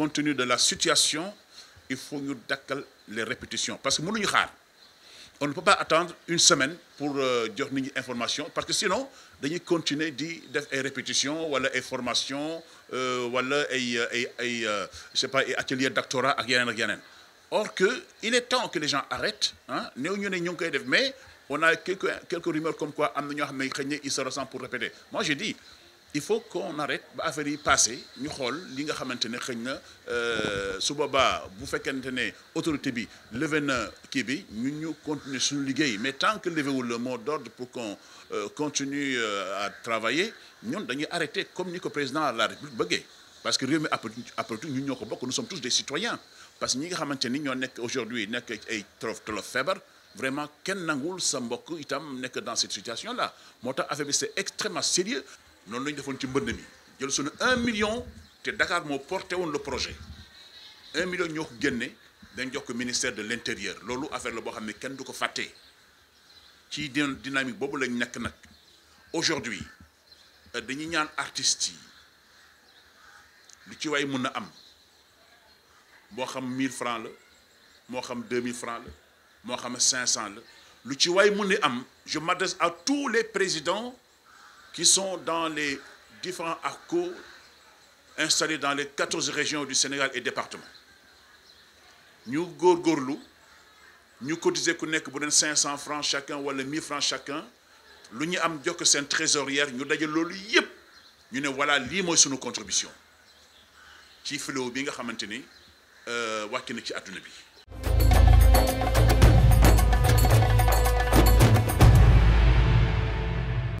compte tenu de la situation il faut nous dakkal les répétitions parce que nous on ne peut pas attendre une semaine pour donner euh, des information parce que sinon dañuy continuer à faire des répétitions ou des formations wala ay euh, euh, je sais ateliers doctorat ak or que il est temps que les gens arrêtent Nous hein. néew ñu mais on a quelques quelques rumeurs comme quoi am na ñoo se ressent pour répéter moi j'ai dit il faut qu'on arrête ba affaire yi passé ñu xol li nga xamantene xëñna euh na su Nous bu fekkente à autorité bi levé na bi ñu continuer suñu mais tant que levé wul le mot d'ordre pour qu'on euh, continue euh, à travailler nous dañuy arrêter comme ni ko président de la République parce que nous sommes tous des citoyens parce que nous nga xamantene qu'aujourd'hui, ñoo nek aujourd'hui nek ay tolof tolof vraiment nous nangul sa mbokk itam dans cette situation là affaire c'est extrêmement sérieux non la ñu defoon ci mbënd mi jël suñu un million de Dakar moo porté woon le projet un million ñoo ko génne dañ jox ko ministère de l'Intérieur. Lolo a affaire la boo xam ne kenn qui ko ci dynamique boobu lañ nekk nag aujourd'hui euh, des ñaan artistes yi lu ci waay mën a am moo xam 1000 francs le, moo xam 2000 francs le, moo xam 500 Le lu ci waay mën a am je m'adresse à tous les présidents qui sont dans les différents arcos installés dans les 14 régions du Sénégal et départements. Nous avons, nous cotisons 500 francs chacun ou 1000 francs chacun lu ñu am jokk trésorière ñu avons loolu yépp ñu voilà contribution bi nga